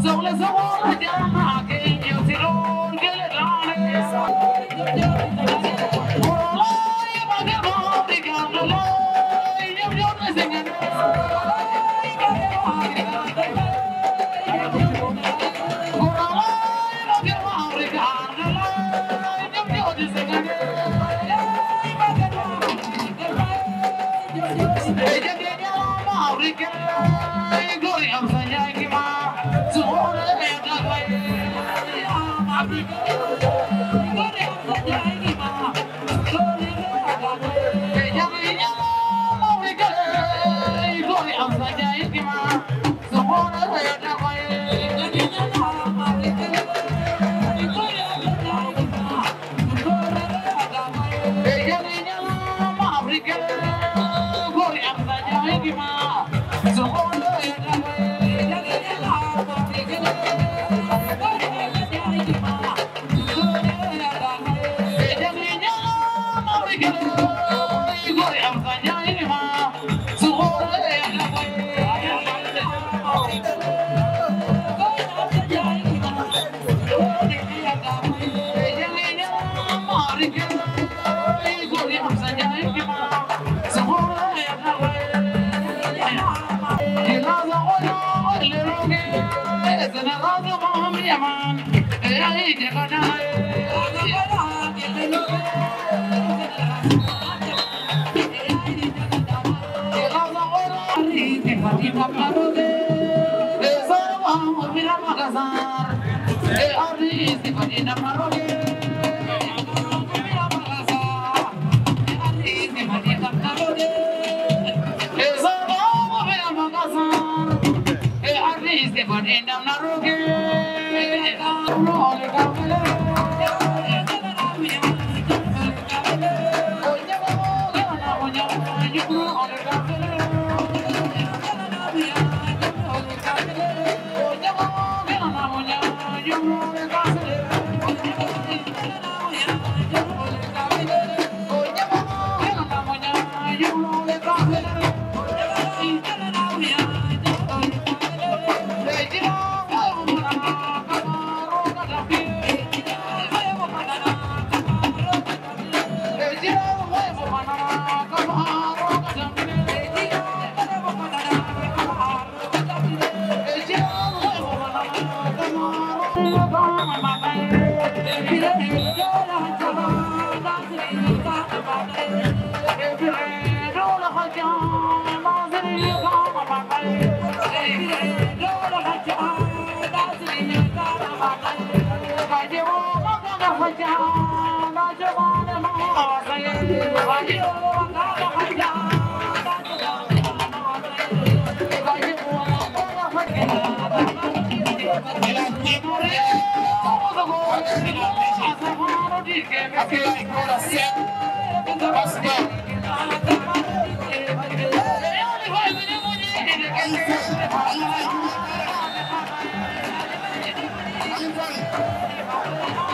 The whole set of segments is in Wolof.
zaune zaune jama'a kai Ariel! I feel like going to set in the bus now. I'm sorry.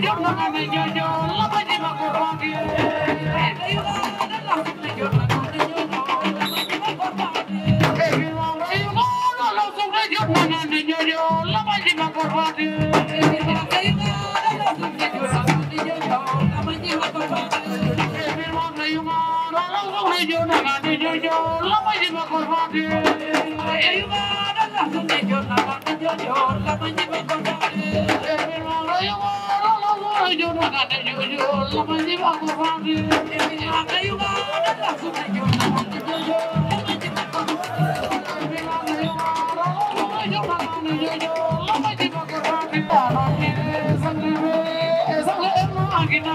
Yo, la jun wakata jun lama jiwa ku fandi ini ada yuga ada langsung jun lama jun lama jiwa ku fandi lama jiwa lama jiwa ku fandi lama jiwa ku fandi lama jiwa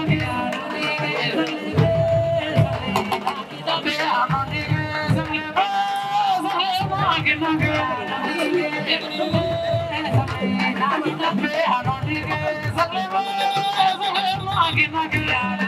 ku fandi I'm Walking like a lion.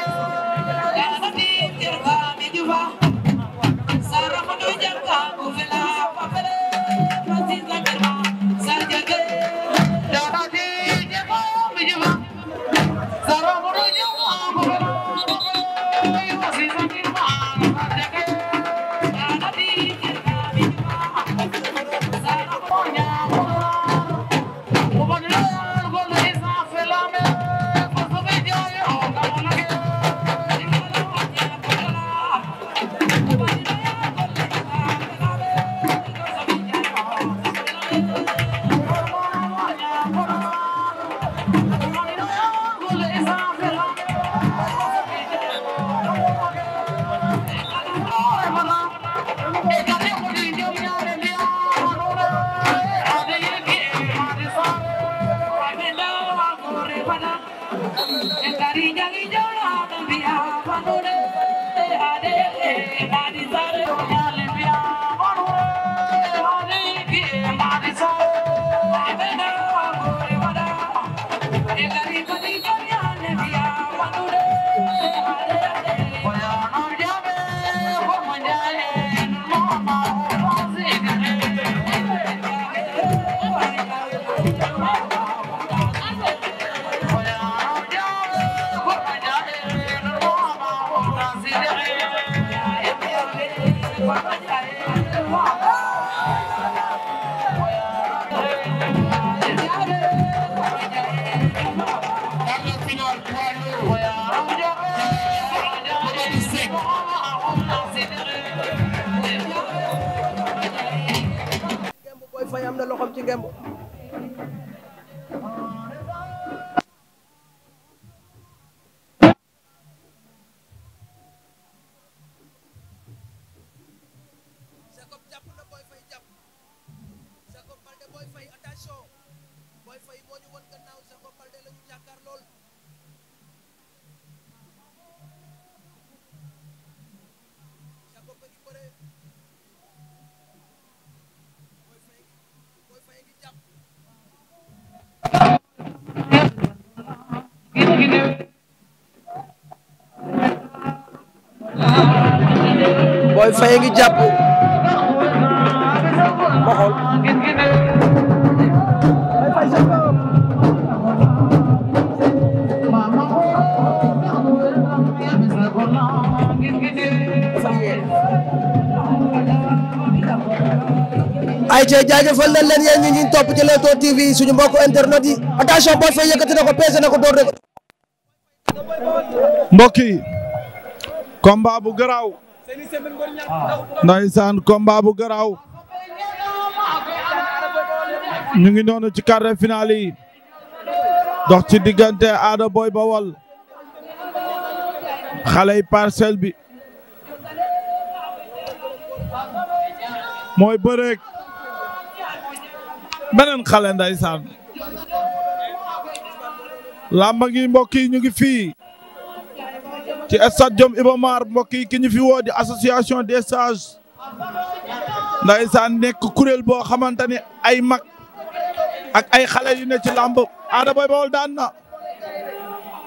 Thank you. loxoom ci ngemb Boy Faye ngi jàpp ma xool ay ca jaajëfal nañ leen yéen ñi ñu topp ci TV suñu mbokku internet yi attention Boy Faye yëkkati na ko peese na door na ko mbokk yi combat bu garaaw ndaysaan combat bu garaaw ñu ngi noonu ci quart de finale dox ci diggante Ada Boy Bawol xale yi parcelle bi mooy bëreeg beneen xale ndaysaan lamba ngi mbokk yi ñu ngi fii ci stade Jom Iba mbokk yi ki ñu fi woo di association des sages ndaysaan nekk kuréel boo xamante ne ay mag ay xale yu ne ci làmb Ada Boy Baol daan na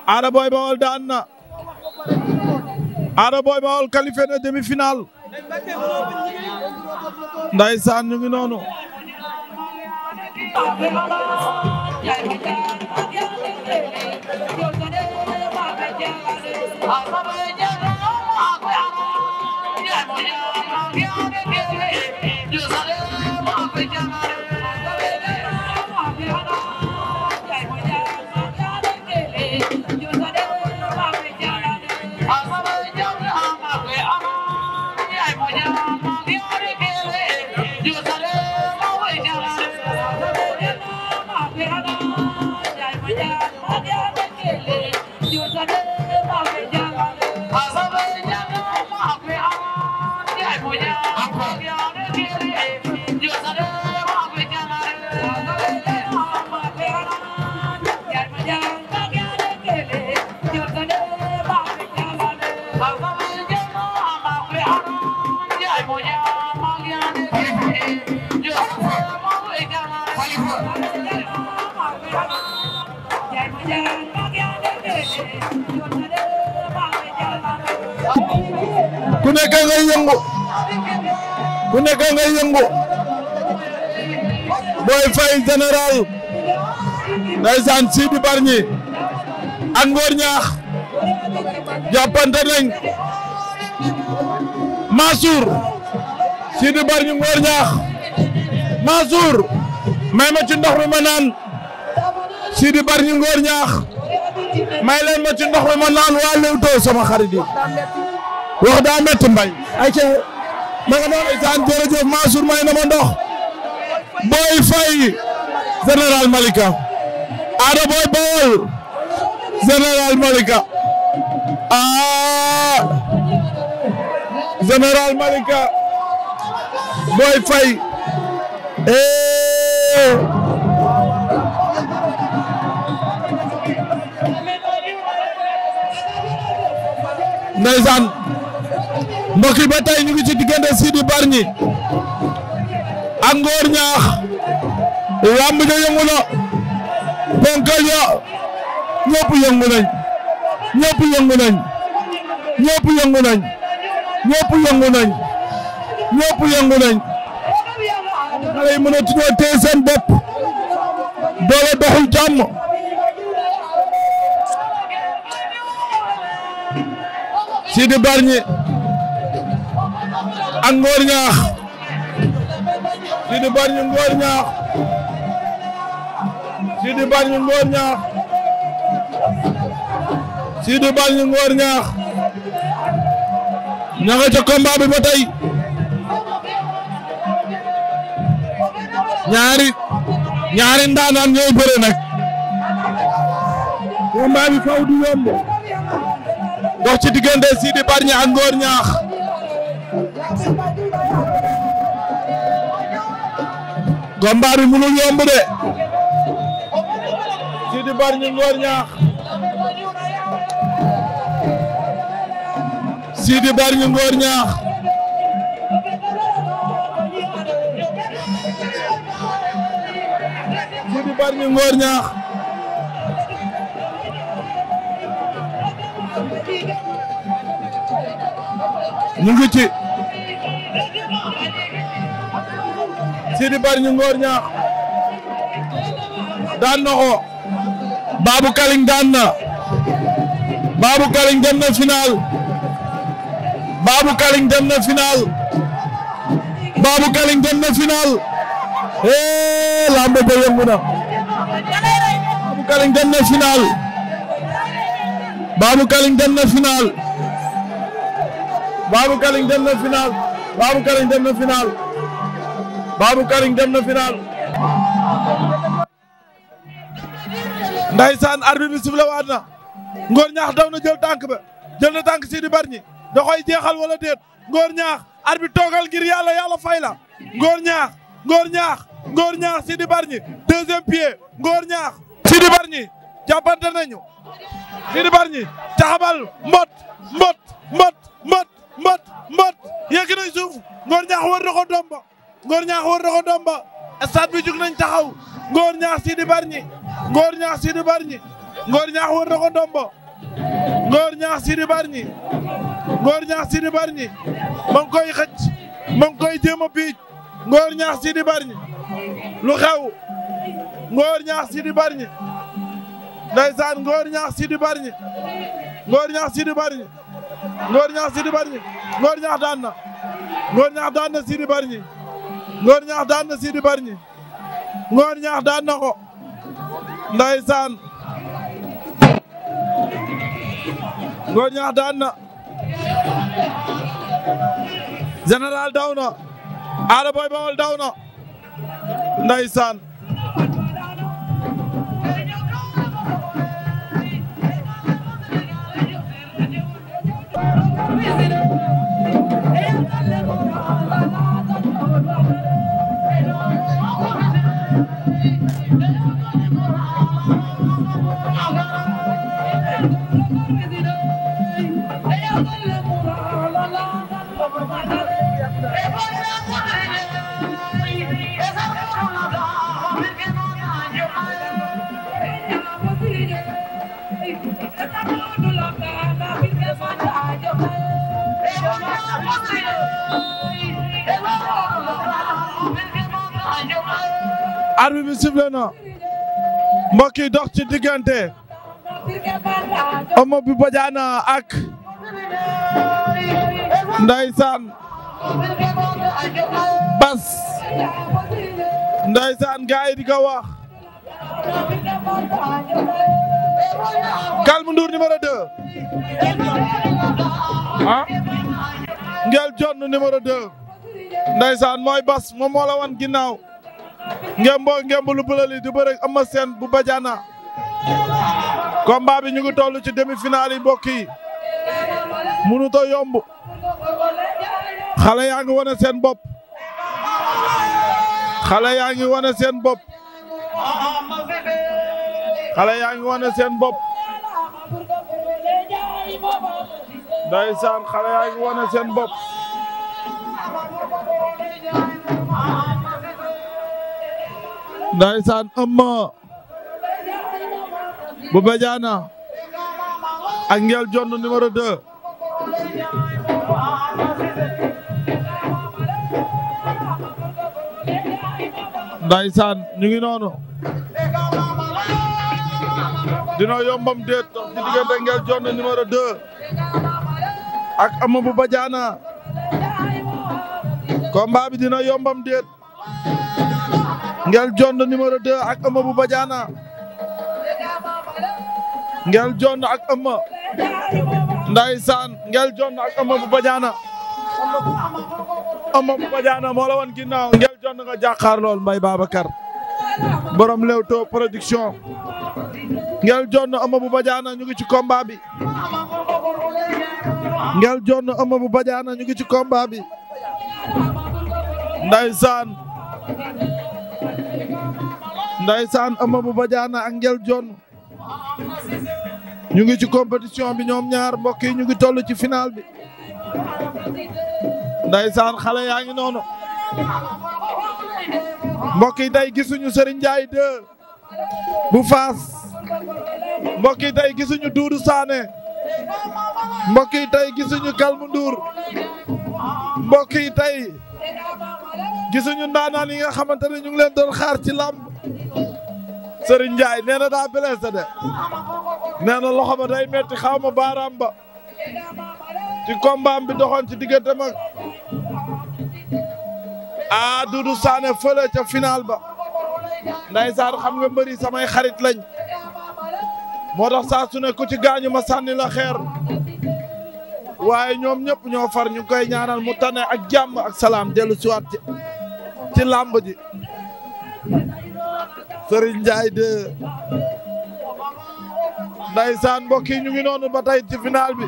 Ada Boy Baol daan na Ada Boy Baol ñu ngi noonu I love it. yëngu ku nekk nga yëngu Boy Faye général ndeysaan Sidi Barñi ak Ngor Ñaax jàppante nañ Mansour Sidi Barñi Ngor Ñaax Mansour may ma ci ndox mi ma naan Sidi Barñi Ngor Ñaax may leen ma ci ndox mi ma naan waa Leewtoo sama xarit wax daa métti mbay. ayca ma nga doon isaan jërëjëf Mansour may na ma ndox. Boy Faye général Malika. Ada Boy Baol général Malika. ah général Malika. Boy Faye. eh. Ndeysaan mbokk yi ba tey ñu ngi ci diggante Sidi Bargny ak Ngor Ñaax lamb ja yëngu na ponkal ya ñëpp yëngu nañ ñëpp yëngu nañ ñëpp yëngu nañ ñëpp yëngu nañ ñëpp yëngu nañ xale yi mën a tuñoo téye seen bopp doole doxul jàmm Sidi Bargny ak Ngor Ñaax Sidi Bargny Ngor Ñaax Sidi Bargny Ngor Ñaax Ñaax ña nga ca combat bi ba tey ñaari ñooy bëre nag combat faw du yomb dox ci diggante Sidi Bargny ak Ngor Ñaax combat bi mënul yomb de. Sidi Bargny Ngor Ñaax. Sidi Bargny Ngor Ñaax. Sidi Bargny Ngor Ñaax. ñu ngi ci. Sidi Bargny Ngor Ñaax daan na ko Babou Kaling daan na Babou Kaling Kaling dem na final Babou Kaling ba yëngu na na final Kaling dem na final Babou Kaling dem na final Babou Kaling dem na final eh, Babou Karing dem na final. Ndeysaan arbitre bi sifflé waat na Ngor ñaax daw na jël tànk ba jël na tànk Sidi Bargny da koy jeexal wala déet Ngor ñaax arbitre toogal ngir yàlla yàlla fay la ñaax Ngor ñaax Ngor ñaax Sidi Bargny deuxième pied Ngor ñaax Sidi Bargny jàppante nañu Sidi Bargny taxabal mbot mbot mbot mbot mbot mbot yegg nañ ñaax war na domba Ngor Ñaax war na ko domba stade bi jug nañ taxaw Ngor Ñaax Sidi Bargny Ngor Ñaax Ñaax war na ko domba Ngor Ñaax Sidi Bargny Ngor Ñaax ngi koy xëcc ma ngi koy jéem a piic Ngor Ñaax Sidi Bargny lu xew Ngor Ñaax Sidi Bargny ndeysaan Ngor Ñaax Sidi Bargny Ngor Ñaax Sidi Bargny Ngor Ñaax Ñaax daan na Ñaax daan na Sidi Bargny Ngor ñaax daan na Sidi Bargny Ngor ñaax daan na ko ndeysaan Ngor ñaax daan na général daw na Ada Boy daw na ndeysaan Hey, dale, arbitre bi sifflé na mbokk dox ci diggante Omo bi Badiane ak Ndeysaan Bas Ndeysaan gaa yi di ko wax Calme Ndour numéro 2 ah? mooy Bas moom moo la wan ginnaaw ngem boo ngem lu bële di bëre Eumeu Sène bu Badiana. combat bi ñu ngi toll ci demi-finale yi mbokk yi mënut a yomb xale yaa ngi wane seen bopp xale yaa ngi wane seen bopp xale yaa ngi wane seen bopp ndeysaan xale yaa ngi wane seen bopp ndaysaan Amma bu Badiana ak Ngel Jonn numéro 2 ndaysaan ñu ngi noonu dina yombam déet dox ci diggante Ngel Jonn numéro 2 ak Amma bu Badiana combat bi dina yombam déet Ngel John numéro 2 ak Eumeu bu Badiana Ngel John ak Eumeu ndaysaan Ngel John ak Eumeu bu Badiana Eumeu bu Badiana moo la woon ginnaaw Ngel John nga jàkkaar lool Mbaye Babacar borom Leewtoo production Ngel John Eumeu bu ñu ngi ci combat bi Ngel John Eumeu bu ñu ngi ci combat bi saan Amadou Badiane ak Ngel jon ñu ngi ci compétition bi ñoom ñaar mbokk yi ñu ngi toll ci final bi ndaysaan xale yaa ngi noonu mbokk yi tey gisuñu Serigne Ndiaye 2 bu Faas mbokk yi tey gisuñu Doudou Sané mbokk yi tey gisuñu Kalmu Ndour yi tey gisuñu ndaanaan yi nga xamante ne ñu ngi leen doon xaar ci làmb Serigne Ndiaye nee na daa blessé de nee na loxo ba day metti xaw ma baaraam ba ci combat bi doxoon ci diggante mag a Doudou Sané fële ca final ba ndeysaan xam nga mbëri samay xarit lañ moo tax saa su ne ku ci gaañu ma sànni la xeer waaye ñoom ñëpp ñoo far ñu koy ñaanal mu tane ak jàmm ak salaam dellu siwaat ci làmb ji Serigne Ndiaye de ndaysaan mbokk yi ñu ngi noonu ba tey ci final bi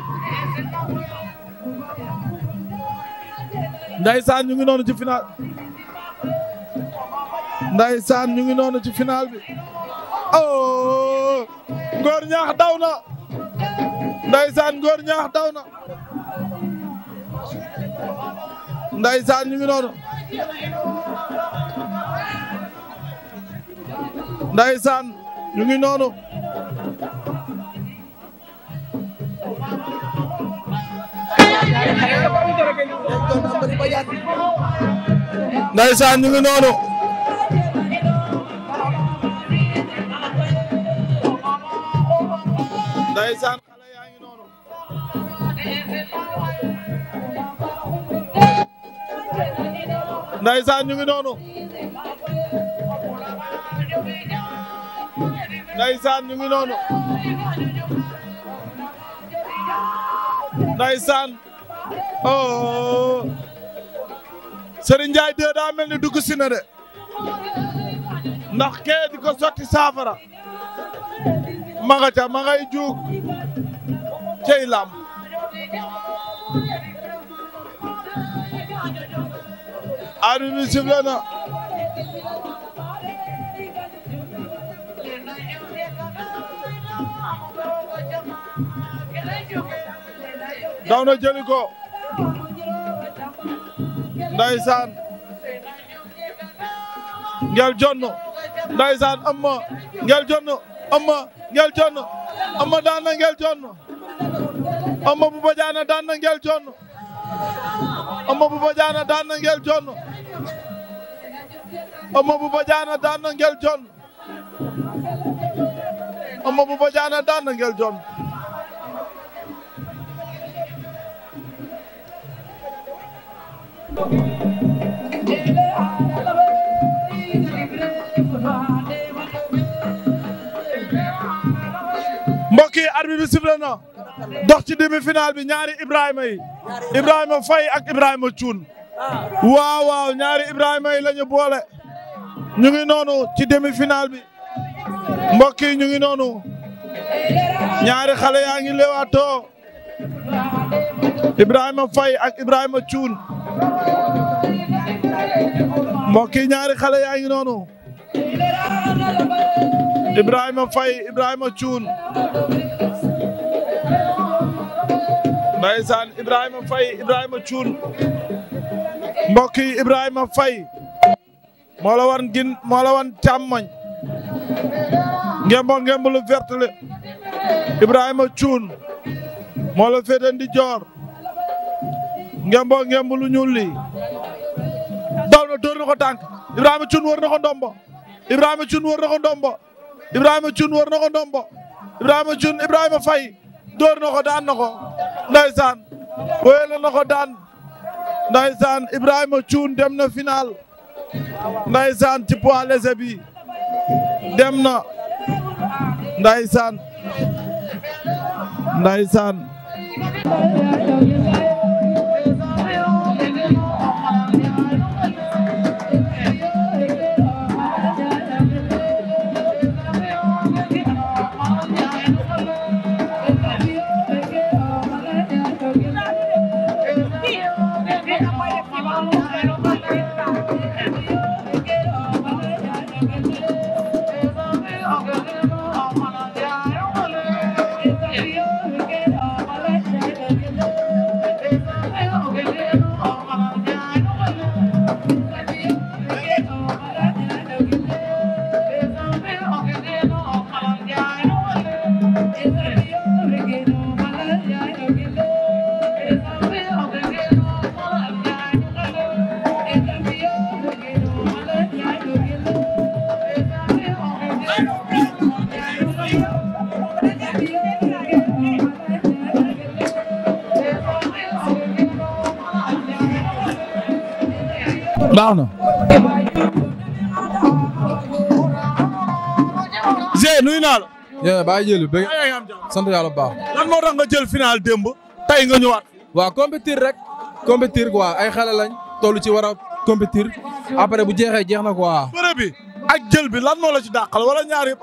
ndaysaan ñu ngi noonu ci final ndaysaan ñu ngi noonu ci final bi oh Ngor Ñaax daw na ndaysaan Ngor Ñaax daw na ndaysaan ñu ngi ndeysaan ñu ngi noonu ndeysaan ñu ngi noonu ndeysaan noonu Ndeysaan ñu ngi noonu Ndeysaan oh Serigne Ndiaye mel ni dugg si de ndax kee di ko sotti saafara ma nga ca cey lam arbitre bi daw na jëli ko ngel jonno ndaysaan amma ngel jonno ngel jonno amma daan na ngel jonno amma bu bajaana daan na ngel jonno amma bu bajaana daan na ngel jonno amma bu bajaana daan na ngel jonno amma mbokk yi arbitre bi sifflé dox ci demi-finale bi ñaari Ibrahima yi Ibrahima Faye ak Ibrahima Thioune waaw waaw ñaari Ibrahima yi la boole ñu ngi noonu ci demi-finale bi mbokk yi ñu ngi noonu ñaari xale yaa ngi leewaatoo Ibrahima Faye ak ibrahim Thioune mbokk yi ñaari xale yaa ngi noonu Ibrahima Faye Ibrahima Thioune ndaysaan Ibrahima Faye Ibrahima Thioune mbokk yi Ibrahima gin moo la wan càmmoñ ngembo ngemb lu vert le Ibrahima Thioune moola la féete ndi joor ngemboo ngemb lu ñuul lii daw na dóor na ko tànk Ibrahima Thioune wër na ko ndombo Ibrahima Thioune wër na ko ndombo Ibrahima Thioune wër na ko ndombo Ibrahima Thioune Ibrahima Faye dóor na ko daan na ko ndaysaan wéyal na ko daan ndaysaan Ibrahima Thioune dem na final ndaysaan baax na. Zé nuyu naa la. yéen baa ngi jël bëgg sant bu baax. lan moo tax nga jël final démb tey nga ñëwaat. waa compétir rek. compétir quoi ay xale lañ toll ci war a compétir après bu jeexee jeex na quoi. bëre bi ak jël bi lan moo la ci dàqal wala ñaari yëpp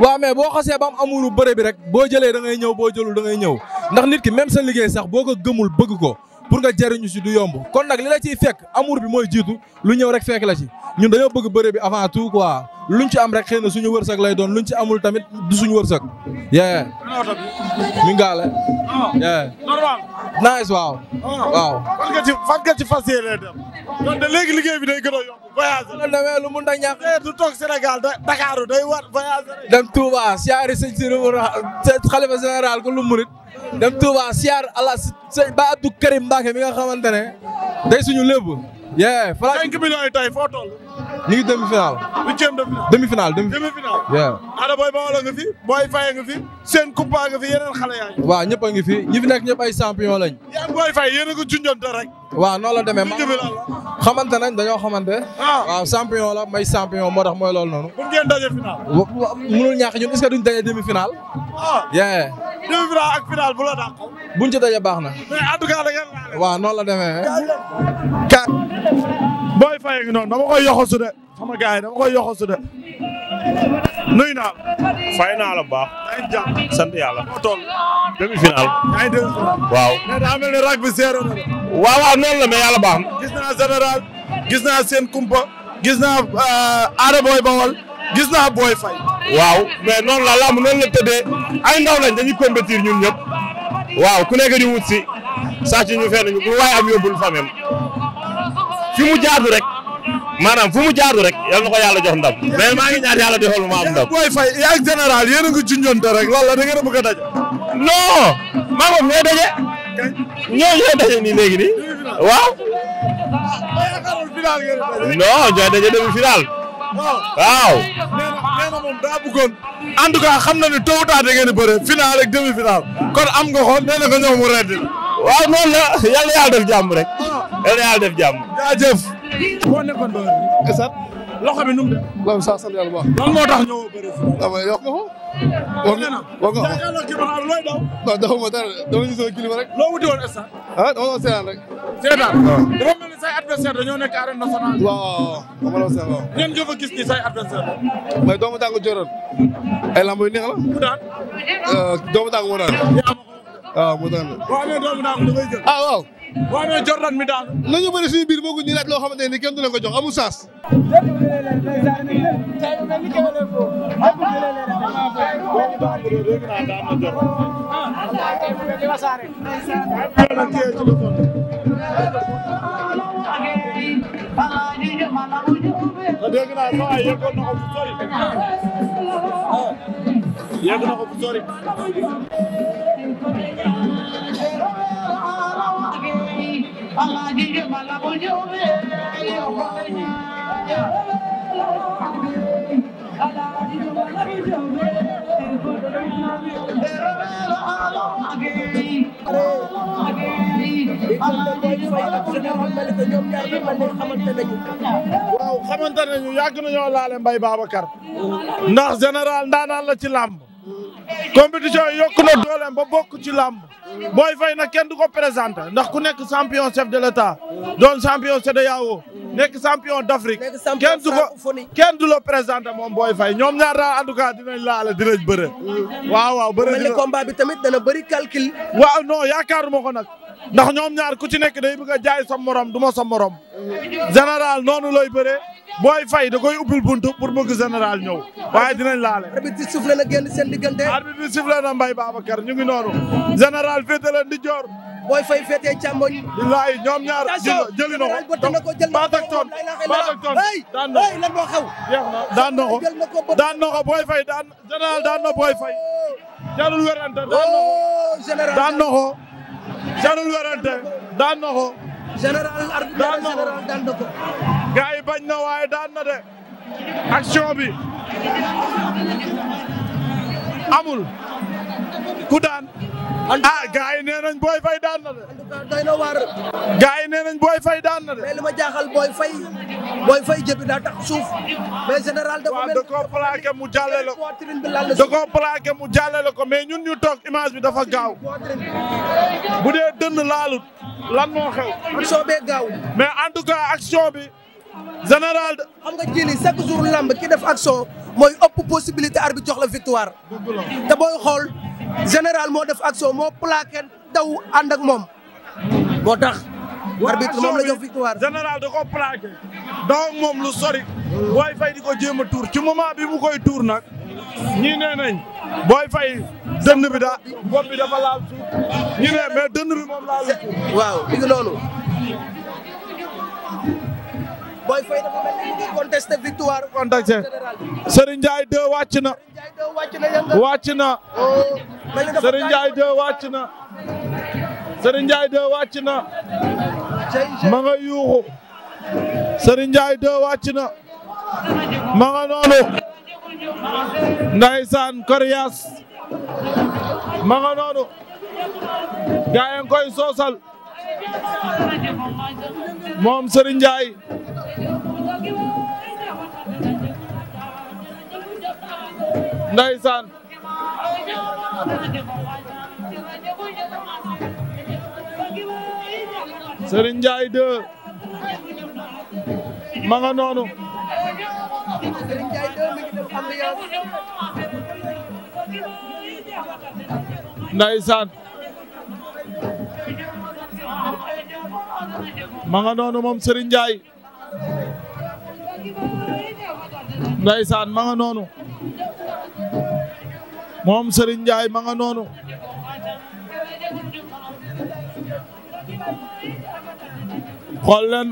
waa neex. mais boo xasee ba am amulu bëre bi rek boo jëlee da ngay ñëw boo jëlul da ngay ñëw ndax nit ki même sa liggéey sax boo ko gëmul bëgg ko. pour nga jëriñu si du yomb kon nag li la ciy fekk amour bi mooy jiitu lu ñëw rek fekk la ci ñun dañoo bëgg bëre bi avant tout quoi luñ ci am rek xëy na suñu wërsëg lay doon luñ ci amul tamit du suñu wërsëg. yee. mi ngaale. Ah. yee. normal. waaw. Ah. waaw. fas kon de léegi liggéey bi day gën a yomb voyage la demee lu mun da ñàkk eh, du toog Sénégal Dakar day war voyage dem Touba siyaari sëñ si xalifa général ko lu murit dem Touba siar ala sëñ ba Abdou Karim Mbacke mi nga xamante ne day suñu lépp yee 5 millions yi tey foo toll ñu ngi demi final. de finale demi final demi. demi final waaw. Ada Boy Baol nga fi Boy Faye nga fi seen Coupa nga fi yeneen xale yaa ngi. waaw ñëpp a ngi fi ñi fi nekk ñëpp ay champion lañ. yaa ngi Boy a ko junjoonte rek. waaw noonu la demee ma xamante nañ dañoo xamante. Ah. waaw champion la may champion moo tax mooy loolu noonu. bu ngeen daje final. mënul ñàkk ñun est-ce que duñ daje demi final. ah demi final ak final bu la dàq. buñ ci daje baax na. mais en tout cas da booy fay ngi noonu dama koy yoxosu de sama gars yi dama koy yoxosu de nuyu naa la. fay naa la bu baax. yaa sant yàlla. moo toll demi final. yaa ngi demi waaw. mais la mais yàlla baax na. gis naa général gis naa seen kumpa gis naa euh, aada booy gis naa booy fay. waaw mais noonu la làmb noonu la tëddee ay ndaw lañ dañuy compétir ñun ñëpp waaw ku nekk di wut si sàcc ñu fenn ñu bu waaye am yóbbul famem fi mu jaadu rek maanaam fu mu jaadu rek yal na ko yàlla jox ndam mais maa ngi ñaan yàlla defal ma am ndam. booy fay yaa ak général a ngi junjonte rek loolu la da a léegi nii waaw. non ñooy daje demi final. waaw. nee en tout cas xam na ne tôt ou tard da ngeen di am nga ko nee na ko ñoom mu def jàmm rek. yàlla yàlla def jàmm. jaajëf. boo nekkoon doole. esat. loxo bi nu mu. loolu sax sant yàlla bu baax. lan moo tax ñëw bëri si. Ah, dama yokk ko. war nga war nga looy daw. non defuma dara dama ñu soo kilifa rek. loo wuti woon esat. ah dama doon seetaan rek. seetaan. Ah. dafa mel ni say adversaire dañoo nekk arène nationale. waaw dama doon seet waaw. ñoom ñoo fa gis ni say adversaire la. mais doomu tàng joroon. ay lamb yu neex la. mu daan. Euh, doomu tàng moo daan. waaw ah, moo daan. waaw mais doomu tàng da ngay jël. ah waaw. waaw mais Jordan mi daal. nañu bëri suñu biir bëgg ñu laaj loo xamante ni kenn du leen ko jox amul saas. dégg naa sa ay yeggoon na ko bu sori. yegg na ko bu sori. malagige malabujube yofanya malagige malabujube waaw laale Mbaye Babacar ndax général ndaanaan la ci làmb compétition yokk na dooleem ba ci lamb Boy Faye nag kenn du ko présenté ndax ku nekk champion chef de l'État doon champion CEDEAO nekk champion d'Afrique kenn du ko kenn du la présenté moom Boy Faye ñoom ñaar daal en tout cas dinañ laale dinañ bëre mm. waaw waaw bëre dina combat bi tamit dana bëri calcul waaw non yaakaaruma ko nag ndax ñoom ñaar ku ci nekk day bëgg a jaay sa morom du ma sa morom. général noonu lay bëree booy fay da koy ubbil buntu pour bëgg général ñëw waaye dinañ laale. arbitre bi sifflé na génn seen diggante. arbitre bi sifflé na Mbaye Babacar ñu ngi noonu. général féete leen di joor. booy fay féetee càmmoñ. billaahi ñoom ñaar jëli na ko baat ak toon baat ak toon daan na ko daan na ko ko booy fay daan général daan na booy fay. Oh. jarul werante daan na ko oh, daan jarul werante daan na ko. général arbitre daan na ko. gars bañ na waaye daan na de action bi amul ku daan. ah gars yi nee nañ Boy Faye daan na de. en tout cas doy na nee nañ Boy Faye daan na de. mais li ma jaaxal Boy Faye Boy Faye jëbi daa tax suuf mais général de mel. waaw mu jàllale ko da koo plaqué mu ko mais ñun ñu toog image bi dafa gaaw. bu dee dënn laalut lan moo xew. action bee gaaw. mais en tout cas action bi. général de. xam nga jii nii chaque jour lamb ki def action mooy ëpp possibilité arbitre jox la victoire. te booy xool. général moo def action moo plaqué daw ànd moom moo tax. arbitre moom la jox victoire général da ko plaqué. daw moom lu sori. booy fay di ko jéem a tuur ci moment bi mu koy tuur nag. ñii nee nañ booy fay dënn bi da bopp bi dafa laal suuf ñii nee mais dënn bi moom laal suuf waaw bi ngi booy fay dafa mel victoire contesté Serigne Ndiaye 2 wàcc na wàcc na Serigne Ndiaye 2 wàcc na Serigne Ndiaye 2 wàcc na ma yuuxu Serigne Ndiaye 2 wàcc na ma nga noonu ndaysaan Korias ma nga noonu gaa koy soosal moom Serigne Ndiaye ndaysaan Serigne Ndiaye 2 ma nga noonu ma nga noonu moom Serigne njaay Ndeysaan ma manga noonu moom Serigne Ndiaye ma nga noonu xool leen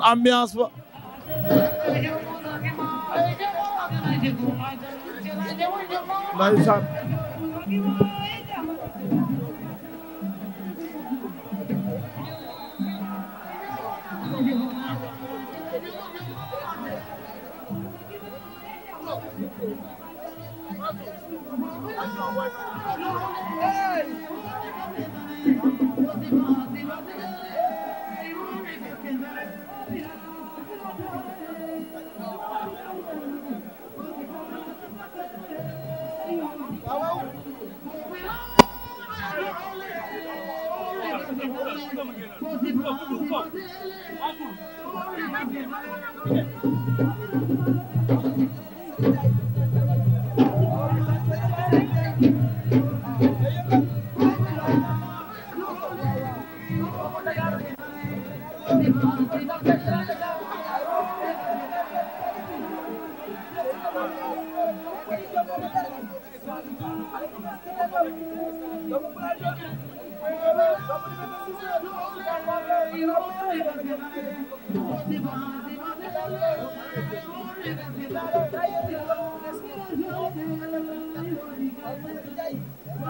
ba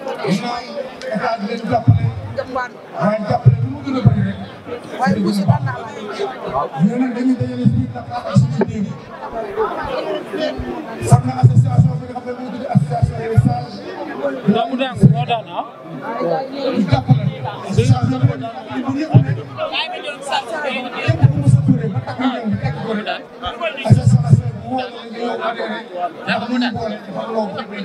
ñaan état bi leen jàppale. waaye jàppale lu mu gën a bëri rek. waaye bu si daan naa la. ñu ne dañuy dajale suñuy Dakar ak suñuy dégg. sax na association bi nga xam ne moo tudd association des sages. ndax mu daan moo daan ah. dafa mun a. noonu di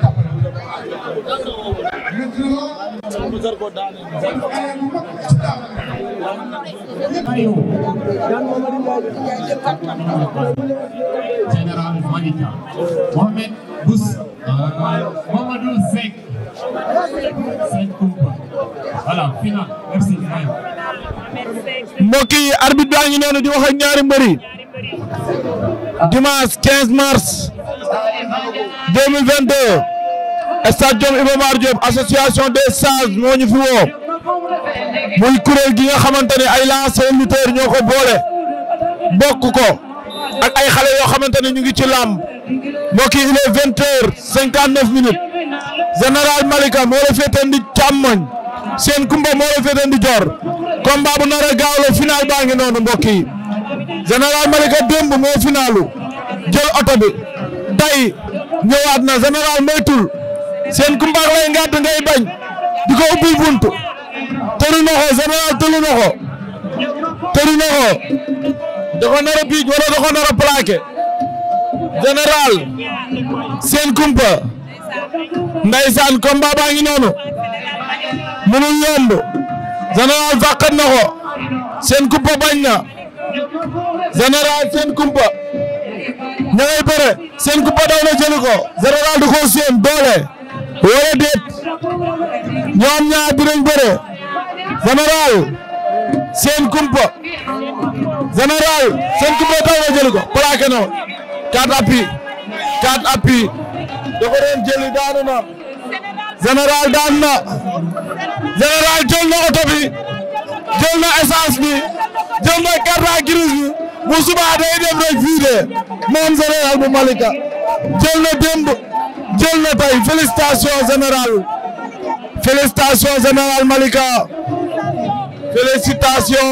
wax ak ñaari mbëri dimanche mars. 2022 stade Iba Mar Diop association des sages moo ñu fi woo muy kuréel gi nga xamante ne ay anciens lutteurs ñoo ko boole bokk ko ay xale yoo xamante ne ñu ngi ci làmb mbokk yi il est vingt heures cinquante neuf minutes général Malika moo la féetee di càmmoñ seen kumba moo la féetee di jor combat bu nar gaaw la final baa ngi noonu mbokk yi général Malika démb moo finalu jël oto tay ñëwaat na général moytul seen kumbaak lay ngàtt ngay bañ di ko ubbil général tëru na ko na ko da ko nar a piij wala da ko général seen kumpa ndaysaan combat baa ngi noonu yomb général fàqat na seen kumpa bañ na général seen kumpa ña ngay bëre seen ku daw na jëli ko général du ko seen doole wala déet ñoom ñaar dinañ bëre général seen kumpa général seen kumpa daw na jëli ko plaqué na quatre appuis quatre jëli daanu na général daan na général jël na oto jël na essence bi jël na carte grise bi bu subaa dem rek fii de moom bu Malika jël na démb jël na tey félicitation général félicitation général Malika félicitation